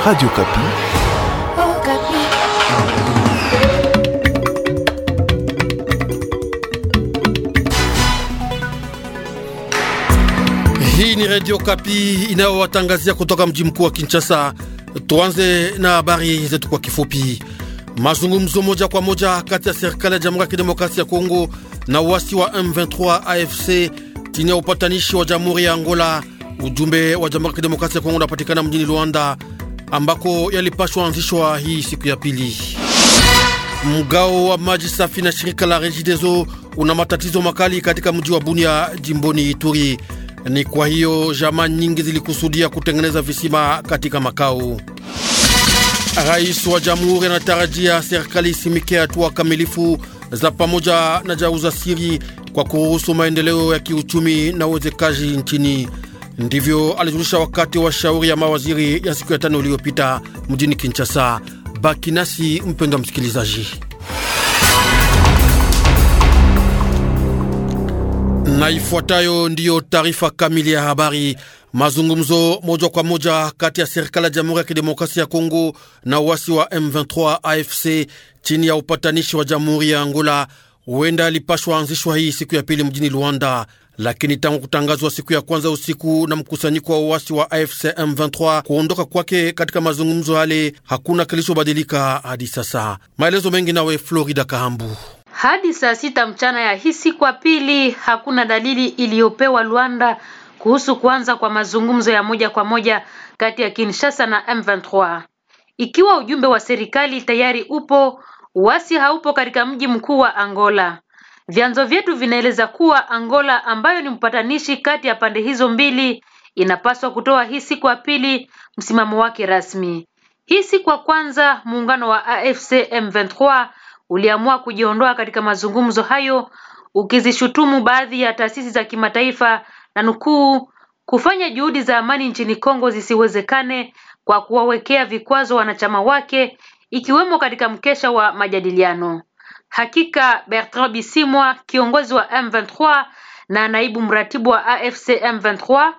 Radio Kapi. Oh, Kapi. Hii ni Radio Kapi inayowatangazia kutoka mji mkuu wa Kinshasa. Tuanze na habari zetu kwa kifupi. Mazungumzo moja kwa moja kati ya serikali ya Jamhuri ya Kidemokrasia ya Kongo na uasi wa M23 AFC chini ya upatanishi wa Jamhuri ya Angola. Ujumbe wa Jamhuri ya Kidemokrasia ya Kongo unapatikana mjini Luanda ambako yalipashwa anzishwa hii siku ya pili. Mgao wa maji safi na shirika la Regideso una matatizo makali katika mji wa Bunia jimboni Ituri. Ni kwa hiyo jamaa nyingi zilikusudia kutengeneza visima katika makao. Rais wa jamhuri anatarajia serikali isimike hatua kamilifu za pamoja na jauza siri kwa kuruhusu maendeleo ya kiuchumi na uwezekaji nchini. Ndivyo alijulisha wakati wa shauri ya mawaziri ya siku ya tano iliyopita mjini Kinshasa. Baki nasi mpendwa msikilizaji. Na ifuatayo ndiyo taarifa kamili ya habari. Mazungumzo moja kwa moja kati ya serikali ya Jamhuri ya Kidemokrasia ya Kongo na uasi wa M23 AFC chini ya upatanishi wa Jamhuri ya Angola huenda alipashwa anzishwa hii siku ya pili mjini Luanda lakini tangu kutangazwa siku ya kwanza usiku na mkusanyiko wa uasi wa AFC M23 kuondoka kwake katika mazungumzo yale, hakuna kilichobadilika hadi sasa. Maelezo mengi nawe Florida Kahambu. Hadi saa sita mchana ya hii siku ya pili hakuna dalili iliyopewa Luanda kuhusu kuanza kwa mazungumzo ya moja kwa moja kati ya Kinshasa na M23. Ikiwa ujumbe wa serikali tayari upo, uasi haupo katika mji mkuu wa Angola. Vyanzo vyetu vinaeleza kuwa Angola ambayo ni mpatanishi kati ya pande hizo mbili inapaswa kutoa hii siku ya pili msimamo wake rasmi. Hii siku ya kwanza muungano wa AFC M23 uliamua kujiondoa katika mazungumzo hayo ukizishutumu baadhi ya taasisi za kimataifa na nukuu, kufanya juhudi za amani nchini Kongo zisiwezekane kwa kuwawekea vikwazo wanachama wake ikiwemo katika mkesha wa majadiliano. Hakika Bertrand Bisimwa, kiongozi wa M23 na naibu mratibu wa AFC M23,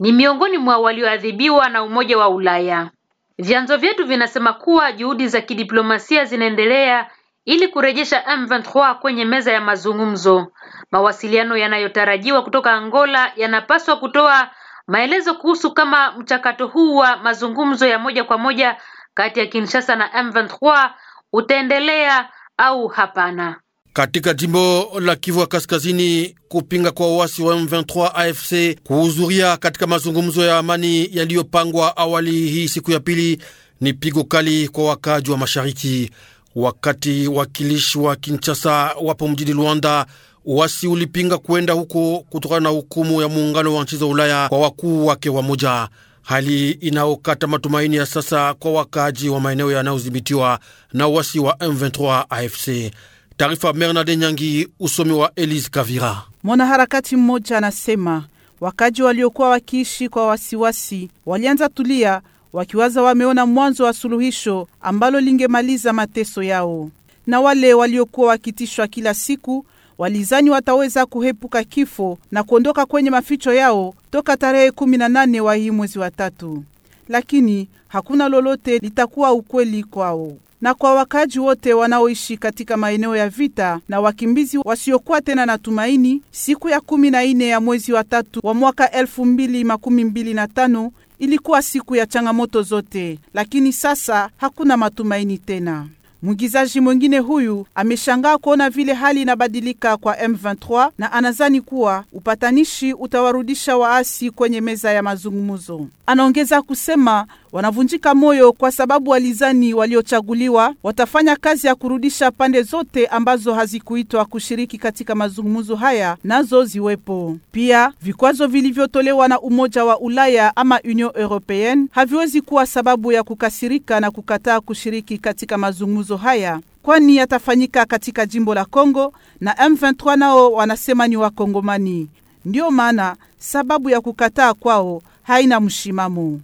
ni miongoni mwa walioadhibiwa na Umoja wa Ulaya. Vyanzo vyetu vinasema kuwa juhudi za kidiplomasia zinaendelea ili kurejesha M23 kwenye meza ya mazungumzo. Mawasiliano yanayotarajiwa kutoka Angola yanapaswa kutoa maelezo kuhusu kama mchakato huu wa mazungumzo ya moja kwa moja kati ya Kinshasa na M23 utaendelea au hapana. Katika jimbo la Kivu ya Kaskazini, kupinga kwa uasi wa M23 AFC kuhudhuria katika mazungumzo ya amani yaliyopangwa awali hii siku ya pili ni pigo kali kwa wakaaji wa mashariki. Wakati wakilishi wa Kinshasa wapo mjini Luanda, uasi ulipinga kuenda huko kutokana na hukumu ya muungano wa nchi za Ulaya kwa wakuu wake wa moja hali inaokata matumaini ya sasa kwa wakaaji wa maeneo yanayodhibitiwa na uasi wa M23 AFC. Taarifa Bernard Nyangi, usomi wa Elise Kavira. Mwanaharakati mmoja anasema wakaaji waliokuwa wakiishi kwa wasiwasi walianza tulia, wakiwaza wameona mwanzo wa suluhisho ambalo lingemaliza mateso yao, na wale waliokuwa wakitishwa kila siku walizani wataweza kuhepuka kifo na kuondoka kwenye maficho yao toka tarehe 18 wa hii mwezi wa tatu, lakini hakuna lolote litakuwa ukweli kwao na kwa wakaji wote wanaoishi katika maeneo ya vita na wakimbizi wasiokuwa tena na tumaini. Siku ya kumi na nne ya mwezi wa tatu wa mwaka elfu mbili makumi mbili na tano ilikuwa siku ya changamoto zote, lakini sasa hakuna matumaini tena. Mwigizaji mwingine huyu ameshangaa kuona vile hali inabadilika kwa M23 na anazani kuwa upatanishi utawarudisha waasi kwenye meza ya mazungumzo. Anaongeza kusema wanavunjika moyo kwa sababu walizani waliochaguliwa watafanya kazi ya kurudisha pande zote ambazo hazikuitwa kushiriki katika mazungumzo haya nazo ziwepo. Pia vikwazo vilivyotolewa na Umoja wa Ulaya ama Union europeenne haviwezi kuwa sababu ya kukasirika na kukataa kushiriki katika mazungumzo haya kwani yatafanyika katika jimbo la Kongo na M23 nao wanasema ni Wakongomani. Ndiyo maana sababu ya kukataa kwao haina mshimamo.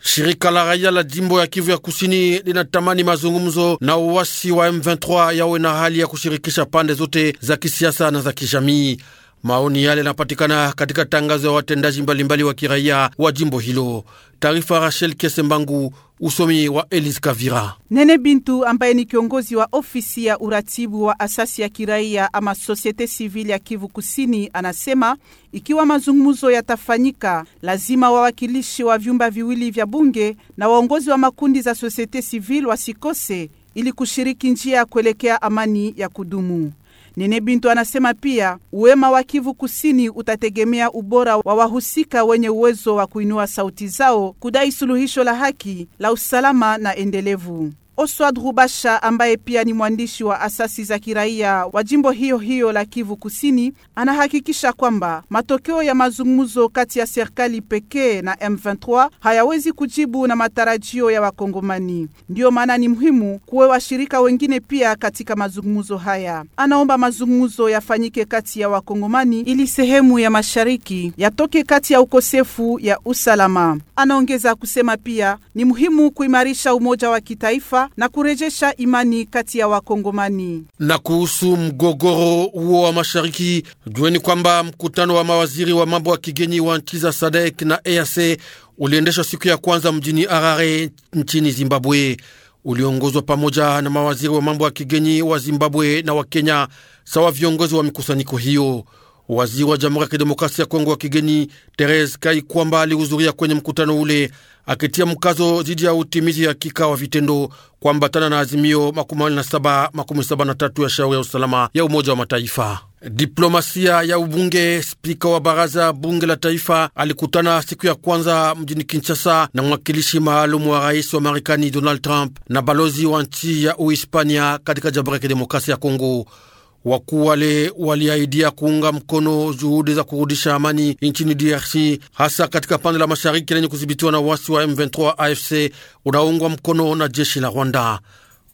Shirika la raia la jimbo ya Kivu ya kusini linatamani mazungumzo na uwasi wa M23 yawe na hali ya kushirikisha pande zote za kisiasa na za kijamii. Maoni yale yanapatikana katika tangazo ya watendaji mbalimbali wa kiraia wa jimbo hilo. Taarifa Rachel Kesembangu, usomi wa Elise Kavira. Nene Bintu ambaye ni kiongozi wa ofisi ya uratibu wa asasi ya kiraia ama sosiete sivili ya Kivu Kusini, anasema ikiwa mazungumzo yatafanyika, lazima wawakilishi wa vyumba viwili vya bunge na waongozi wa makundi za sosiete sivili wasikose ili kushiriki njia ya kuelekea amani ya kudumu. Nene Bintu anasema pia uwema wa Kivu Kusini utategemea ubora wa wahusika wenye uwezo wa kuinua sauti zao kudai suluhisho la haki la usalama na endelevu. Oswad Rubasha ambaye pia ni mwandishi wa asasi za kiraia wa jimbo hiyo hiyo la Kivu Kusini anahakikisha kwamba matokeo ya mazungumzo kati ya serikali pekee na M23 hayawezi kujibu na matarajio ya Wakongomani. Ndiyo maana ni muhimu kuwe washirika wengine pia katika mazungumzo haya. Anaomba mazungumzo yafanyike kati ya Wakongomani ili sehemu ya mashariki yatoke kati ya ukosefu ya usalama. Anaongeza kusema pia ni muhimu kuimarisha umoja wa kitaifa na kurejesha imani kati ya Wakongomani. Na kuhusu mgogoro huo wa mashariki, jueni kwamba mkutano wa mawaziri wa mambo ya kigeni wa nchi za SADEK na EAC uliendeshwa siku ya kwanza mjini Harare nchini Zimbabwe, uliongozwa pamoja na mawaziri wa mambo ya kigeni wa Zimbabwe na wa Kenya sawa viongozi wa mikusanyiko hiyo. Waziri wa Jamhuri ya Kidemokrasia ya Kongo wa kigeni Therese Kai kwamba alihudhuria kwenye mkutano ule akitia mkazo dhidi ya utimizi hakika wa vitendo kuambatana na azimio 2773 ya shauri ya usalama ya Umoja wa Mataifa. Diplomasia ya ubunge. Spika wa baraza bunge la taifa alikutana siku ya kwanza mjini Kinshasa na mwakilishi maalumu wa rais wa Marekani Donald Trump na balozi wa nchi ya Uhispania katika Jamhuri ya Kidemokrasia ya Kongo. Wakuu wale waliahidia kuunga mkono juhudi za kurudisha amani nchini DRC, hasa katika pande la mashariki lenye kudhibitiwa na wasi wa M23 AFC unaoungwa mkono na jeshi la Rwanda.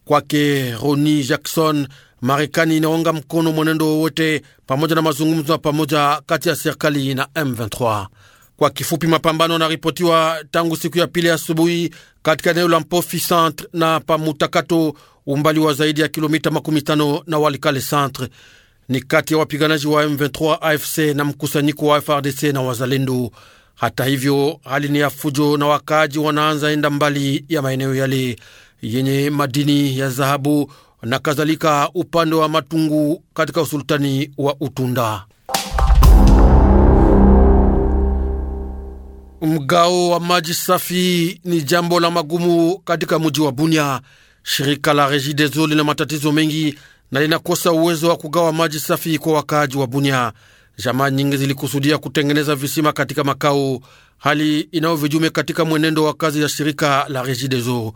Kwake Roni Jackson, Marekani inaunga mkono mwenendo wowote pamoja na mazungumzo ya pamoja kati ya serikali na M23. Kwa kifupi, mapambano yanaripotiwa tangu siku ya pili asubuhi katika eneo la Mpofi Centre na Pamutakato umbali wa zaidi ya kilomita makumi tano na Walikale centre. Ni kati ya wapiganaji wa M23 AFC na mkusanyiko wa FRDC na wazalendo. Hata hivyo, hali ni ya fujo na wakaaji wanaanza enda mbali ya maeneo yale yenye madini ya dhahabu na kadhalika, upande wa Matungu katika usultani wa Utunda. Mgao wa maji safi ni jambo la magumu katika mji wa Bunia. Shirika la Regideso lina matatizo mengi na linakosa uwezo wa kugawa maji safi kwa wakaaji wa Bunya. Jamaa nyingi zilikusudia kutengeneza visima katika makao, hali inayovijume katika mwenendo wa kazi ya shirika la Regideso.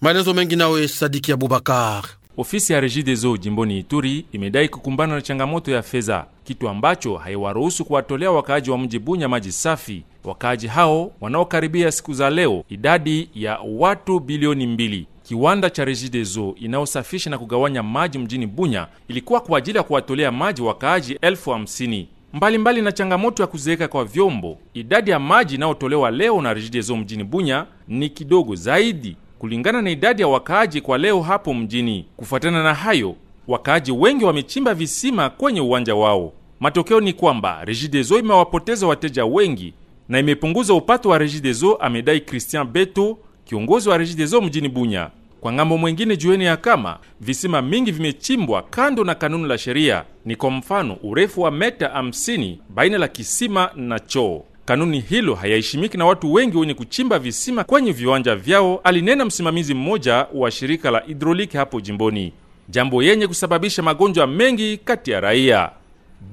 Maelezo mengi nawe Sadiki Abubakar. Ofisi ya Regideso jimboni Ituri imedai kukumbana na changamoto ya fedha, kitu ambacho haiwaruhusu kuwatolea wakaaji wa mji Bunya maji safi. Wakaaji hao wanaokaribia siku za leo idadi ya watu bilioni mbili kiwanda cha Regideso inayosafisha na kugawanya maji mjini Bunya ilikuwa kwa ajili ya kuwatolea maji wakaaji elfu hamsini. Mbalimbali mbali na changamoto ya kuzeeka kwa vyombo, idadi ya maji inayotolewa leo na Regideso mjini Bunya ni kidogo zaidi kulingana na idadi ya wakaaji kwa leo hapo mjini. Kufuatana na hayo, wakaaji wengi wamechimba visima kwenye uwanja wao. Matokeo ni kwamba Regideso imewapoteza wateja wengi na imepunguza upato wa Regideso, amedai Christian Beto kiongozi wa Regideso mjini Bunya. Kwa ng'ambo mwengine, jueni ya kama visima mingi vimechimbwa kando na kanuni la sheria, ni kwa mfano urefu wa meta 50 baina la kisima na choo. Kanuni hilo hayaheshimiki na watu wengi wenye kuchimba visima kwenye viwanja vyao, alinena msimamizi mmoja wa shirika la hidroliki hapo jimboni, jambo yenye kusababisha magonjwa mengi kati ya raia.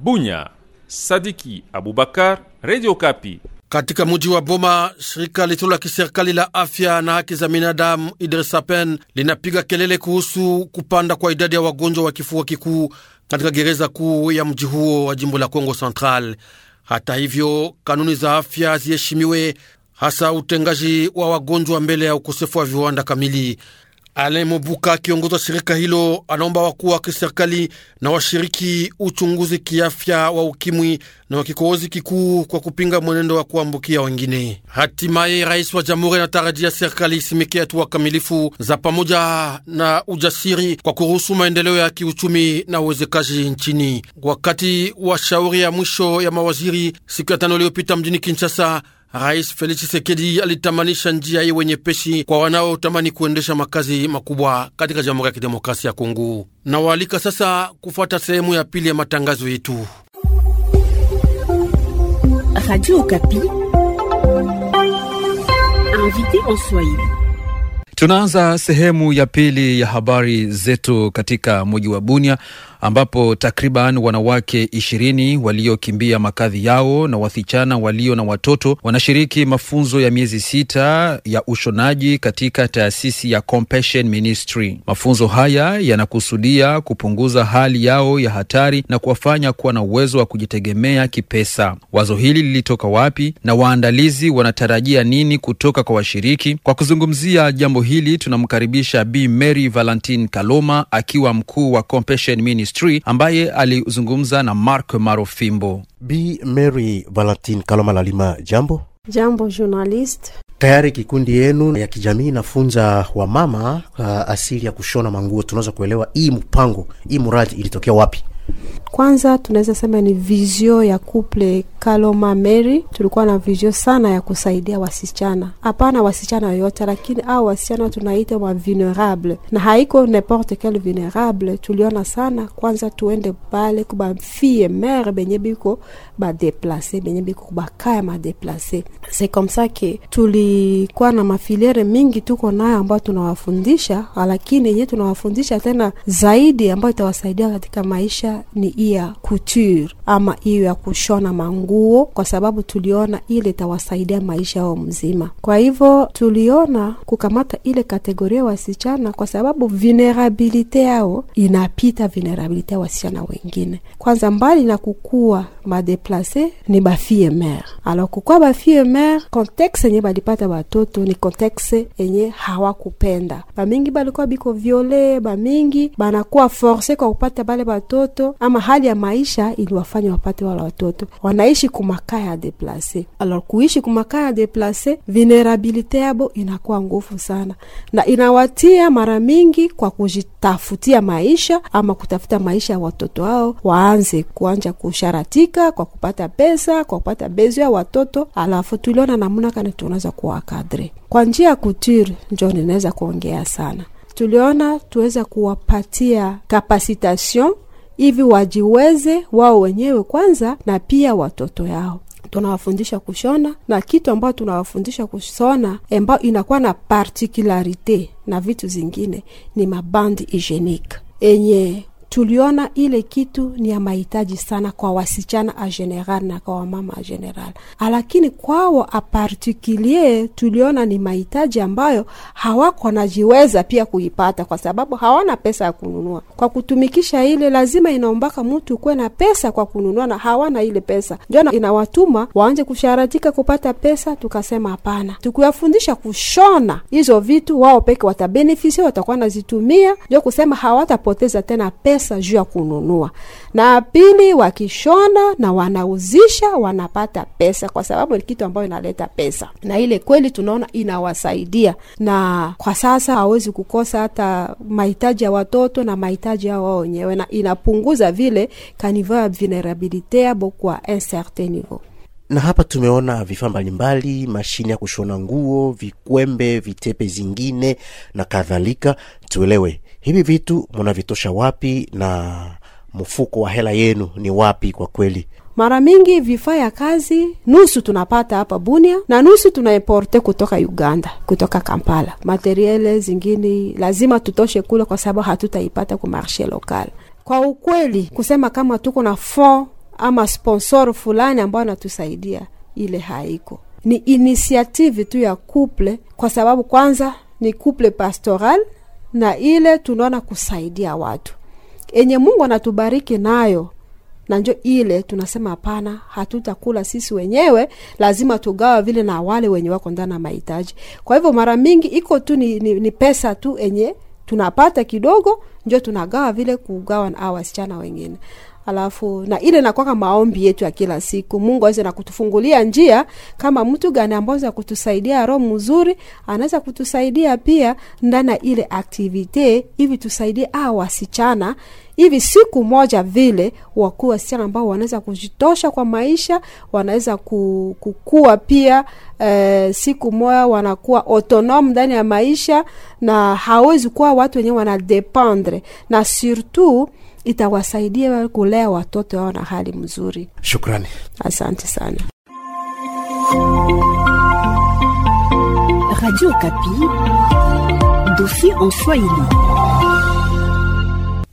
Bunya, Sadiki Abubakar, Radio Kapi. Katika muji wa Boma, shirika lisilo la kiserikali la afya na haki za binadamu Idresapen linapiga kelele kuhusu kupanda kwa idadi ya wagonjwa wa kifua kikuu katika gereza kuu ya mji huo wa jimbo la Kongo Central. Hata hivyo, kanuni za afya ziheshimiwe, hasa utengaji wa wagonjwa mbele ya ukosefu wa viwanda kamili. Alain Mobuka, kiongozi wa shirika hilo, anaomba wakuu wa kiserikali na washiriki uchunguzi kiafya wa ukimwi na wa kikohozi kikuu kwa kupinga mwenendo wa kuambukia wengine. Hatimaye, rais wa jamhuri anatarajia serikali isimike hatua kamilifu za pamoja na ujasiri kwa kuruhusu maendeleo ya kiuchumi na uwezekaji nchini. Wakati wa shauri ya mwisho ya mawaziri siku ya tano iliyopita mjini Kinshasa, Rais Felix chisekedi alitamanisha njia iwe nyepesi kwa wanaotamani kuendesha makazi makubwa katika Jamhuri ya Kidemokrasia ya Kongo. Na waalika sasa kufuata sehemu ya pili ya matangazo yetu. Tunaanza sehemu ya pili ya habari zetu katika mji wa Bunia ambapo takriban wanawake ishirini waliokimbia makazi yao na wasichana walio na watoto wanashiriki mafunzo ya miezi sita ya ushonaji katika taasisi ya Compassion Ministry. Mafunzo haya yanakusudia kupunguza hali yao ya hatari na kuwafanya kuwa na uwezo wa kujitegemea kipesa. Wazo hili lilitoka wapi na waandalizi wanatarajia nini kutoka kwa washiriki? Kwa kuzungumzia jambo hili tunamkaribisha Bi Mary Valentine Kaloma akiwa mkuu wa Compassion Ministry Ministry ambaye alizungumza na Mark Marofimbo. Bi Mary Valentine Kaloma Lalima, jambo. Jambo journalist. Tayari kikundi yenu ya kijamii inafunza wamama uh, asili ya kushona manguo. Tunaweza kuelewa hii mpango, hii muradi ilitokea wapi? Kwanza tunaweza sema ni vizio ya couple Kaloma Mary, tulikuwa na vizio sana ya kusaidia wasichana, hapana wasichana yoyote, lakini au wasichana tunaita wa vulnerable, na haiko n'importe quel vulnerable. Tuliona sana kwanza, tuende pale fie mere benye biko badeplase benye biko bakaya madeplase. Se comme ça ke tulikuwa na mafiliere mingi tuko nayo ambayo tunawafundisha, lakini yenye tunawafundisha tena zaidi ambayo itawasaidia katika maisha ni iya couture ama iyo ya kushona mangu nguo, kwa sababu tuliona ile itawasaidia maisha yao mzima. Kwa hivyo tuliona kukamata ile kategoria ya wasichana, kwa sababu vulnerabilite yao inapita vulnerabilite ya wasichana wengine. Kwanza, mbali na kukuwa madeplase ni bafie mare, alo kukua bafie mare, kontekste yenye balipata watoto ni kontekste yenye hawakupenda. Bamingi balikuwa biko viole, bamingi banakuwa forse kwa kupata bale watoto ama hali ya maisha iliwafanya wapate wala watoto wanaishi kuishi kumakaya deplase. Alors kuishi kumakaya deplase, vinerabilite yabo inakuwa nguvu sana, na inawatia mara mingi kwa kujitafutia maisha ama kutafuta maisha ya watoto wao, waanze kuanja kusharatika kwa kupata pesa, kwa kupata bezo ya watoto. Alafu tuliona namna kani tunaweza kuwakadre kwa njia ya kutiri, njo ninaweza kuongea sana tuliona tuweza kuwapatia kapasitation hivi wajiweze wao wenyewe kwanza, na pia watoto yao tunawafundisha kushona na kitu ambayo tunawafundisha kushona ambayo inakuwa na particularite na vitu zingine ni mabandi hygienique enye tuliona ile kitu ni ya mahitaji sana kwa wasichana a general na kwa wamama a general, ah, lakini kwao apartikulie tuliona ni mahitaji ambayo hawako najiweza pia kuipata, kwa sababu hawana pesa ya kununua. Kwa kutumikisha ile, lazima inaombaka mtu kuwe na pesa kwa kununua, na hawana ile pesa, ndio inawatuma waanje kusharatika kupata pesa. Tukasema hapana, tukiwafundisha kushona hizo vitu, wao peke watabenefisia, watakuwa nazitumia, ndio kusema hawatapoteza tena pesa pesa juu ya kununua, na pili wakishona na wanauzisha wanapata pesa, kwa sababu ni kitu ambayo inaleta pesa, na ile kweli tunaona inawasaidia, na kwa sasa hawezi kukosa hata mahitaji ya watoto na mahitaji ya wao wenyewe, na inapunguza vile kaniva ya vulnerabilite yabo kwa un certain niveau na hapa tumeona vifaa mbalimbali, mashine ya kushona nguo, vikwembe, vitepe zingine na kadhalika. Tuelewe hivi vitu mnavitosha wapi na mfuko wa hela yenu ni wapi? Kwa kweli mara mingi vifaa ya kazi nusu tunapata hapa Bunia na nusu tunaimporte kutoka Uganda, kutoka Kampala. Materiele zingine lazima tutoshe kule, kwa sababu hatutaipata ku marshe lokal. Kwa ukweli kusema, kama tuko na fond ama sponsor fulani ambayo anatusaidia, ile haiko. Ni inisiative tu ya couple, kwa sababu kwanza ni couple pastoral na ile tunaona kusaidia watu enye Mungu anatubariki nayo na njo ile tunasema hapana, hatutakula sisi wenyewe, lazima tugawa vile na wale wenye wako ndani ya mahitaji. Kwa hivyo mara mingi iko tu ni, ni, ni pesa tu enye tunapata kidogo, njo tunagawa vile kugawa na wasichana wengine alafu na ile nakwaka maombi yetu ya kila siku, Mungu aweze na kutufungulia njia, kama mtu gani ambaye za kutusaidia roho mzuri, anaweza kutusaidia pia ndani ya ile activity, hivi tusaidie ah, wasichana hivi siku moja vile wakuwa wasichana ambao wanaweza kujitosha kwa maisha, wanaweza kukua pia e, siku moja wanakuwa autonome ndani ya maisha, na hawezi kuwa watu wenyewe wanadependre na surtout itawasaidia wewe kulea watoto wao na hali mzuri. Shukrani, asante sana. Radio Kapi, dofi en Swahili.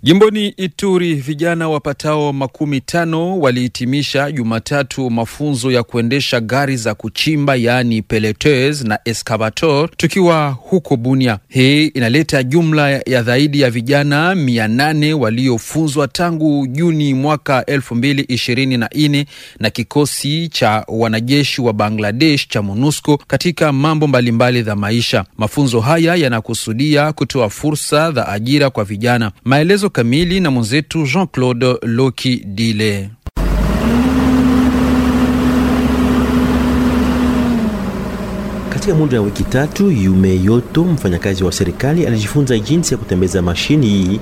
Jimboni Ituri, vijana wapatao makumi tano walihitimisha Jumatatu mafunzo ya kuendesha gari za kuchimba yaani peleteuse na escavator, tukiwa huko Bunia. Hii inaleta jumla ya zaidi ya vijana mia nane waliofunzwa tangu Juni mwaka elfu mbili ishirini na nne na kikosi cha wanajeshi wa Bangladesh cha MONUSCO katika mambo mbalimbali za maisha. Mafunzo haya yanakusudia kutoa fursa za ajira kwa vijana. Maelezo Camille na Jean-Claude Dile. Katika muda wa wiki tatu, Yume Yoto, mfanyakazi wa serikali, alijifunza jinsi ya kutembeza mashini hii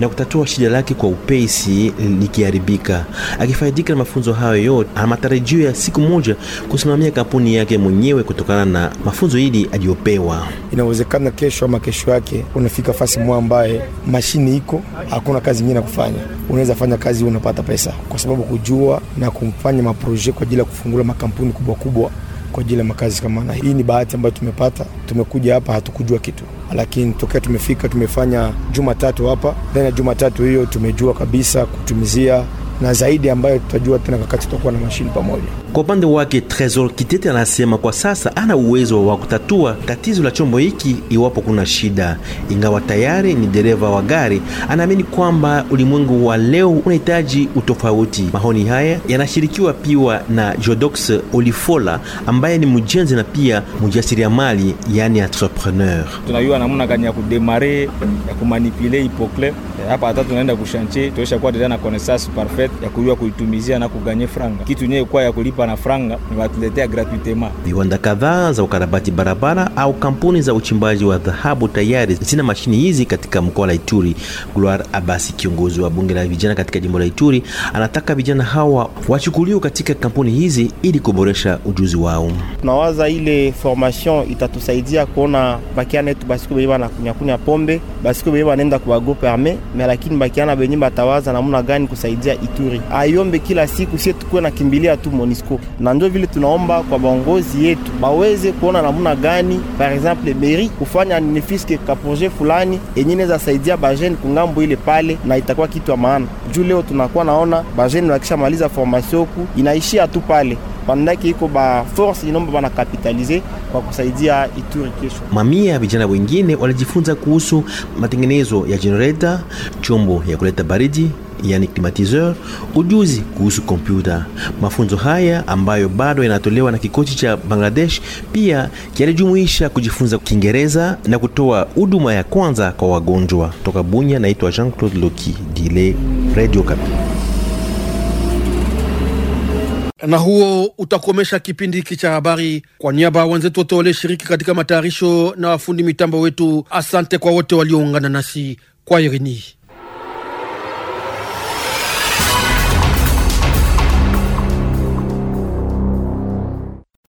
na kutatua shida lake kwa upesi likiharibika. Akifaidika na mafunzo hayo yote, ana matarajio ya siku moja kusimamia kampuni yake mwenyewe kutokana na mafunzo hili aliyopewa. Inawezekana kesho ama kesho yake unafika fasi mwa ambaye mashini iko, hakuna kazi nyingine ya kufanya, unaweza fanya kazi, unapata pesa, kwa sababu kujua na kufanya maproje kwa ajili ya kufungula makampuni kubwa kubwa kwa ajili ya makazi kama na hii. Ni bahati ambayo tumepata, tumekuja hapa hatukujua kitu, lakini tokea tumefika tumefanya Jumatatu hapa, then ya Jumatatu hiyo tumejua kabisa kutumizia na zaidi ambayo tutajua tena wakati tutakuwa na mashini pamoja. Kwa upande wake, Tresor Kitete anasema kwa sasa ana uwezo wa kutatua tatizo la chombo hiki iwapo kuna shida, ingawa tayari ni dereva wa gari. Anaamini kwamba ulimwengu wa leo unahitaji utofauti. Mahoni haya yanashirikiwa pia na Jodox Olifola ambaye ni mjenzi na pia mjasiriamali, yani entrepreneur. Tunajua namna gani ya kudemare ya kumanipule ipokle hapa, hata tunaenda kushantie tuesha kuwa na connaissance parfaite retraite ya kuyua kuitumizia na kuganye franga kitu nye kwa ya kulipa na franga ni watuletea gratuitement. Viwanda kadhaa za ukarabati barabara au kampuni za uchimbaji wa dhahabu tayari zina mashini hizi katika mkoa la Ituri. Gloire Abasi, kiongozi wa bunge la vijana katika jimbo la Ituri, anataka vijana hawa wachukuliwe katika kampuni hizi ili kuboresha ujuzi wao. Tunawaza ile formation itatusaidia kuona bakiana yetu basiku benye banakunyakunya pombe basiku benye banaenda kubagope ame me, lakini bakiana benye batawaza namna gani kusaidia Ituri. Ituri. Aiombe kila siku, sie tukuwe na kimbilia tu Monisco, na ndio vile tunaomba kwa baongozi yetu baweze kuona namna gani, par exemple meri kufanya nefiske ka projet fulani yenye za saidia bajeni kungambo ile pale, na itakuwa kitu ya maana juu leo tunakuwa naona bajeni wakishamaliza formation huku inaishia tu pale pandaki iko ba force inomba bana banakapitalize kwa kusaidia Ituri kesho. Mamia ya vijana wengine walijifunza kuhusu matengenezo ya generator, chombo ya kuleta baridi yani climatiseur, ujuzi kuhusu kompyuta. Mafunzo haya ambayo bado yanatolewa na kikosi cha Bangladesh pia yalijumuisha kujifunza Kiingereza na kutoa huduma ya kwanza kwa wagonjwa. Toka Bunya, naitwa Jean-Claude Loki Dile, Radio Kapi. Na huo utakomesha kipindi hiki cha habari. Kwa niaba ya wenzetu wote walioshiriki katika matayarisho na wafundi mitambo wetu, asante kwa wote walioungana nasi kwa Irini.